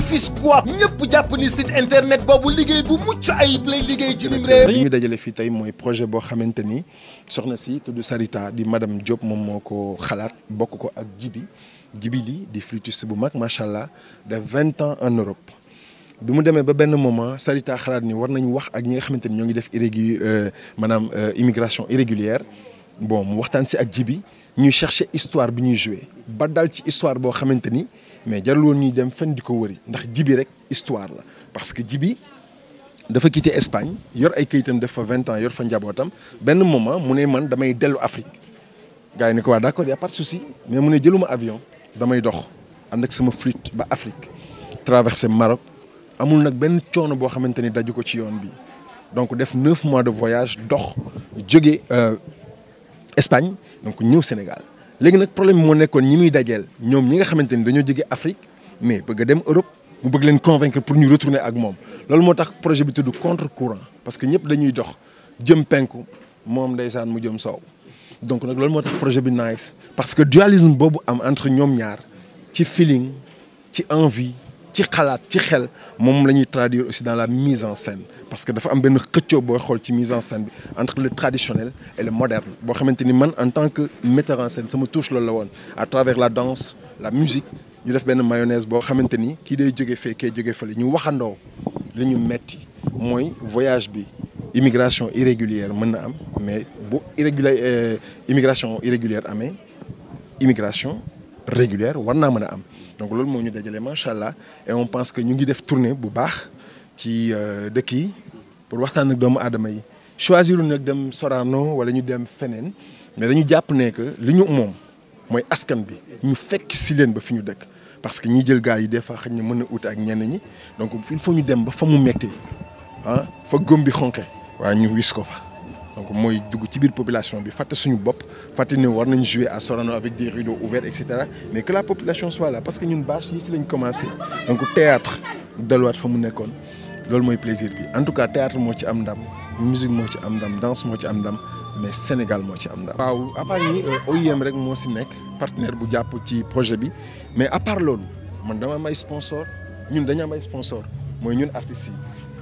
fis quoi ñëpp japp ni site internet bobu liggéey bu mucc ayib lay liggéey ci mim réew. li ñu dajale fii tey mooy projet bo xamanteni soxna si tudd Sarita di madame Diop mom moko ko xalaat bokk ko ak Jibi Jibi li di flûtiste bu mag machallah de 20 ans en Europe. bi mu demee ba ben moment Sarita xalaat ni war nañ wax ak ñi nga xamanteni ni ñoo ngi def irrégu euh, maanaam euh, immigration irrégulière bon mu waxtaan si ak Jibi ñu chercher histoire bi ñuy jouer ba dal ci histoire bo xamanteni mais jarul woon ñuy dem fenn di ko wëri ndax jibi rek histoire la parce que jibi dafa quitté Espagne yor ay kayitam def fa 20 ans yor fa njabootam benn moment mu ne man damay dellu Afrique gars yi ne ko waa d'accord y a pas de souci mais mu ne jëluma avion damay dox ànd ak sama flûte ba Afrique traverser Maroc amul nag benn coono boo xamante ni daju ko ci yoon bi donc def neuf mois de voyage dox jóge euh, Espagne donc ñëw Sénégal léegi nag problème moo nekkoon ñi muy dajeel ñoom ñi nga xamante ni dañoo jóge Afrique mais bëgg a dem Europe mu bëgg leen convaincre pour ñu retourner ak moom loolu moo tax projet bi tudd contre courant parce que ñëpp dañuy dox jëm penku moom ndeysaan mu jëm soow donc nag loolu moo projet bi nice parce que dualisme boobu am entre ñoom ñaar ci feeling ci envie aussi dans la mise en scène parce que dafa mise en scène entre le traditionnel et le moderne en tant que metteur en scène me touche le à travers la danse la musique ñu def mayonnaise qui xamanteni ki day ñu voyage immigration irrégulière mais euh, immigration irrégulière immigration régulière war naa mën am donc loolu moo ñu dajale machallah et on pense que ñu ngi def tourner bu baax ci euh, dëkk yi pour waxtaan ak doomu adama yi choisir nak dem Sorano wala ñu dem fenen mais dañu japp ne que li ñu moom mooy askan bi ñu fekk si leen ba fi ñu dëkk parce que ñi jël gaay yi des fois xëy na mën na ak ñen ñi donc il faut ñu dem ba fa mu métti ah fa góom bi xonqe waaye ñu wis ko fa donc ci population bi jouer à Sorano avec des rideaux ouverts etc. mais que la population soit là parce que ñun commencé donc théâtre de plaisir en tout cas théâtre est musique la danse moi ci Sénégal moi ci part euh, partenaire projet mais à part man dama sponsor ñun sponsor artistes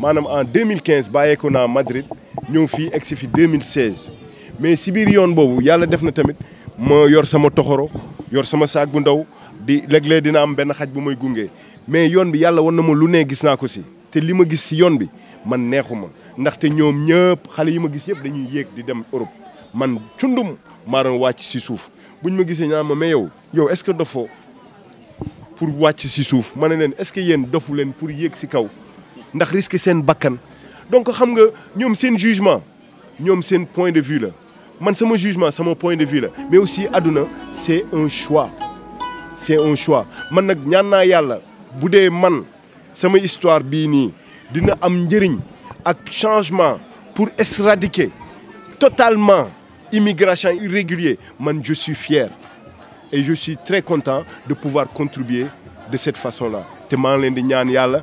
maanaam en 2015 bàyyeeku naa Madrid ñëw fii egsi fi 2016 mais si biir yoon boobu yàlla def na tamit moo yor sama toxoro yor sama saag bu ndaw di léeg-léeg dina am benn xaj bu may gunge mais yoon bi yàlla wan na ma lu nee gis naa ko si te li ma gis si yoon bi man neexu ma ndaxte ñoom ñëpp xale yi ma gis yëpp dañuy yéeg di dem Europe man cundum maa doon wàcc si suuf buñ ma gisee ñaan ma mais yow yow est-ce que dofoo pour wàcc si suuf ma ne leen est-ce que yéen dofu leen pour yéeg si kaw ndax risque seen bakkan donc xam nga ñoom seen jugement ñoom seen point de vue la man sama jugement sama point de vue la mais aussi àdduna c'est un choix c'est un choix man nag ñaan naa yàlla bu dee man sama histoire bii nii dina am njëriñ ak changement pour éradiquer totalement immigration irrégulière man je suis fier et je suis très content de pouvoir contribuer de cette façon là te maa ngi leen di ñaan yàlla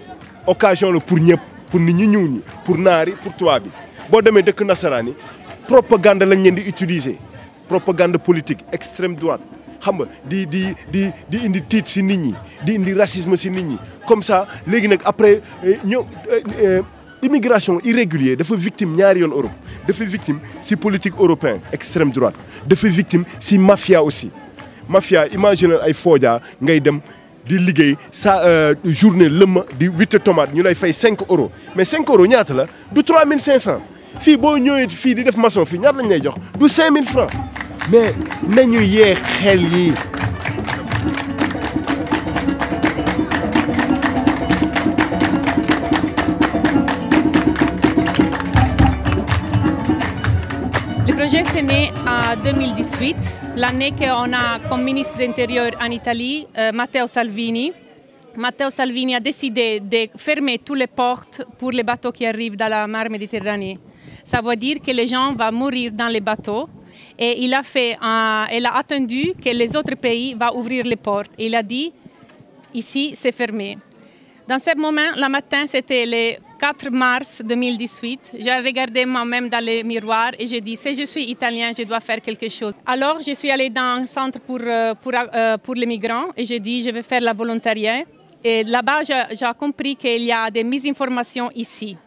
occasion le pour ñep pour nit ñi ñuul pour nari pour tubaab bo boo demee dëkk nasaraan propagande lañ leen di utiliser propagande politique extrême droite xam nga di di di di indi tit si nit ñi di indi racisme si nit ñi comme ça légui nak après euh, ñëw euh, euh, immigration irrégulière dafa victime ñaar yon Europe dafa victime si politique européen extrême droite dafa victime si mafia aussi mafia imaginez ay fodia ngay dem di liguey sa euh, journée le di 8 tomates ñu lay fay 5 euros mais 5 euros il la du 3500 fi bo ñëwé fi di def maçon fi ñaar lañ lay jox du 5000 francs mais nañu yé xel yi Le projet s'est né 2018, l'année qu'on a comme ministre de l'Intérieur en Italie, euh, Matteo Salvini. Matteo Salvini a décidé de fermer toutes les portes pour les bateaux qui arrivent dans la mer Méditerranée. Ça veut dire que les gens vont mourir dans les bateaux. Et il a, fait un, il a attendu que les autres pays vont ouvrir les portes. Il a dit, ici, c'est fermé. Dans ce moment, le matin, c'était les 4 mars 2018, j'ai regardé moi-même dans le miroir et j'ai dit si je suis italien, je dois faire quelque chose. Alors, je suis allée dans un centre pour, euh, euh, pour, les migrants et j'ai dit je vais faire la volontariat. Et là-bas, j'ai compris qu'il y a des misinformations ici.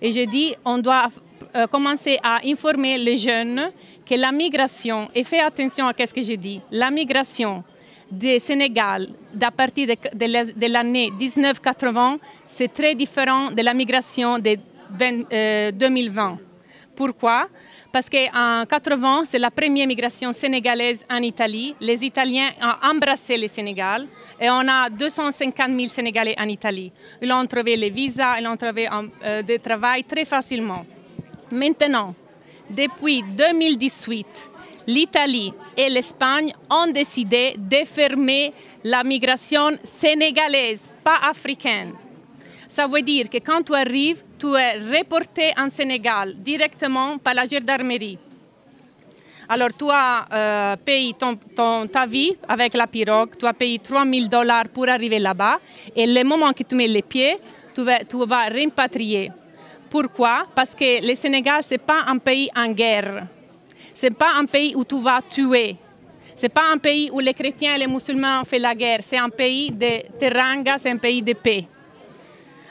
Et j'ai dit on doit euh, commencer à informer les jeunes que la migration, et fais attention à ce que je dis, la migration, du Sénégal à partir de, l'année 1980, c'est très différent de la migration de 2020. Euh, Pourquoi Parce qu'en 80, c'est la première migration sénégalaise en Italie. Les Italiens ont embrassé le Sénégal et on a 250 000 Sénégalais en Italie. Ils ont trouvé les visas, ils ont trouvé euh, des travail très facilement. Maintenant, depuis 2018, l'Italie et l'Espagne ont décidé de fermer la migration sénégalaise, pas africaine. Ça veut dire que quand tu arrives, tu es reporté en Sénégal directement par la gendarmerie. Alors, tu as euh, payé ton, ta vie avec la pirogue, tu as payé 000 dollars pour arriver là-bas, et le moment que tu mets les pieds, tu vas, tu vas Pourquoi Parce que le Sénégal, ce n'est pas un pays en guerre. Ce n'est pas un pays où tu vas tuer. Ce n'est pas un pays où les chrétiens et les musulmans font la guerre. C'est un pays de teranga, c'est un pays de paix.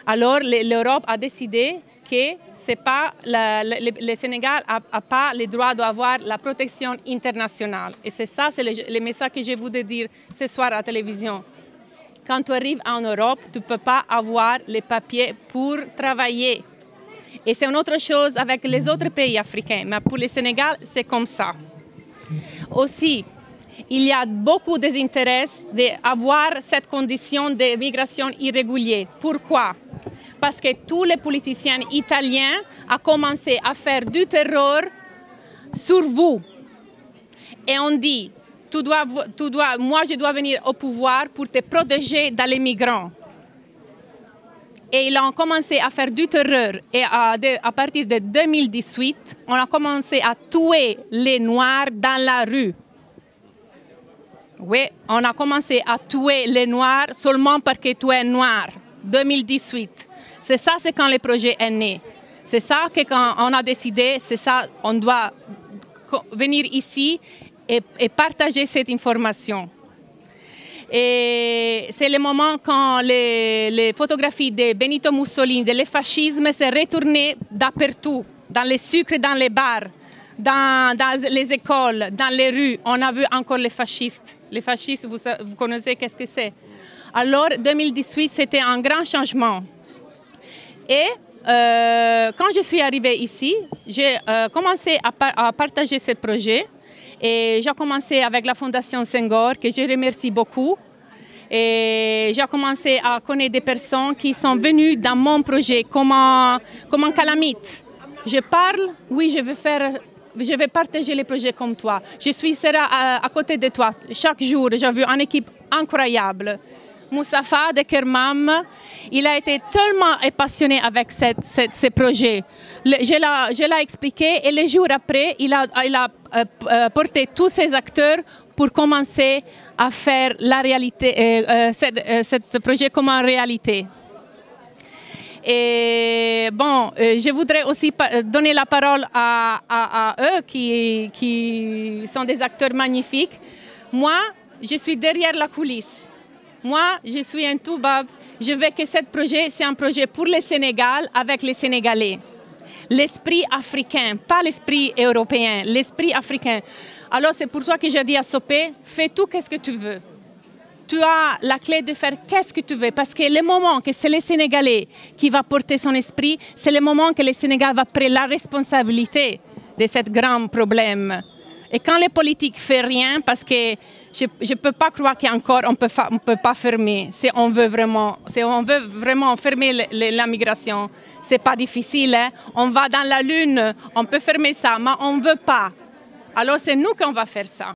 Alors l'Europe a décidé que c'est pas le, Sénégal n'a pas le droit d'avoir la protection internationale. Et c'est ça, c'est le, le, message que je voulais dire ce soir à la télévision. Quand tu arrives en Europe, tu ne peux pas avoir les papiers pour travailler. Et c'est une autre chose avec les autres pays africains, mais pour le Sénégal, c'est comme ça. Aussi, il y a beaucoup d'intérêt d'avoir cette condition de migration irrégulière. Pourquoi Parce que tous les politiciens italiens ont commencé à faire du terror sur vous. Et on dit, tu dois, tu dois, moi je dois venir au pouvoir pour te protéger dans les migrants et ils ont commencé à faire du terreur. Et à, à, partir de 2018, on a commencé à tuer les Noirs dans la rue. Oui, on a commencé à tuer les Noirs seulement parce que tu es Noir. 2018. C'est ça, c'est quand le projet est né. C'est ça que quand on a décidé, c'est ça, on doit venir ici et partager cette information. Et c'est le moment quand les, photographies de Benito Mussolini, de le fascisme, s'est retournées partout, dans les sucres, dans les bars. Dans, les écoles, dans les rues, on a vu encore les fascistes. Les fascistes, vous, vous connaissez qu'est-ce que c'est. Alors, 2018, c'était un grand changement. Et euh, quand je suis arrivée ici, j'ai euh, commencé à, partager ce projet et j'ai commencé avec la Fondation Senghor, que je remercie beaucoup. Et j'ai commencé à connaître des personnes qui sont venues dans mon projet comme un, comme calamite. Je parle, oui, je veux faire je vais partager les projets comme toi. Je suis sera à, côté de toi chaque jour. J'ai vu une équipe incroyable. Moussafa de Kermam, il a été tellement passionné avec cette, ce projet. je l'ai expliqué et les jours après, il a, il a euh, euh, porter tous ces acteurs pour commencer à faire la réalité, euh, ce projet comme en réalité. Et bon, je voudrais aussi donner la parole à, eux qui, qui, sont des acteurs magnifiques. Moi, je suis derrière la coulisse. Moi, je suis un tout bab. Je veux que ce projet, c'est un projet pour le Sénégal, avec les Sénégalais l'esprit africain, pas l'esprit européen, l'esprit africain. Alors c'est pour toi que j'ai dit à Sopé, fais tout ce que tu veux. Tu as la clé de faire ce que tu veux, parce que le moment que c'est les Sénégalais qui va porter son esprit, c'est le moment que le Sénégal va prendre la responsabilité de ce grand problème. Et quand les politiques font rien, parce que je ne peux pas croire qu'encore on peut peut pas fermer si on veut vraiment on veut vraiment fermer la migration c'est pas difficile. Hein. On va dans la lune, on peut fermer ça, mais on veut pas. Alors c'est nous qu'on va faire ça.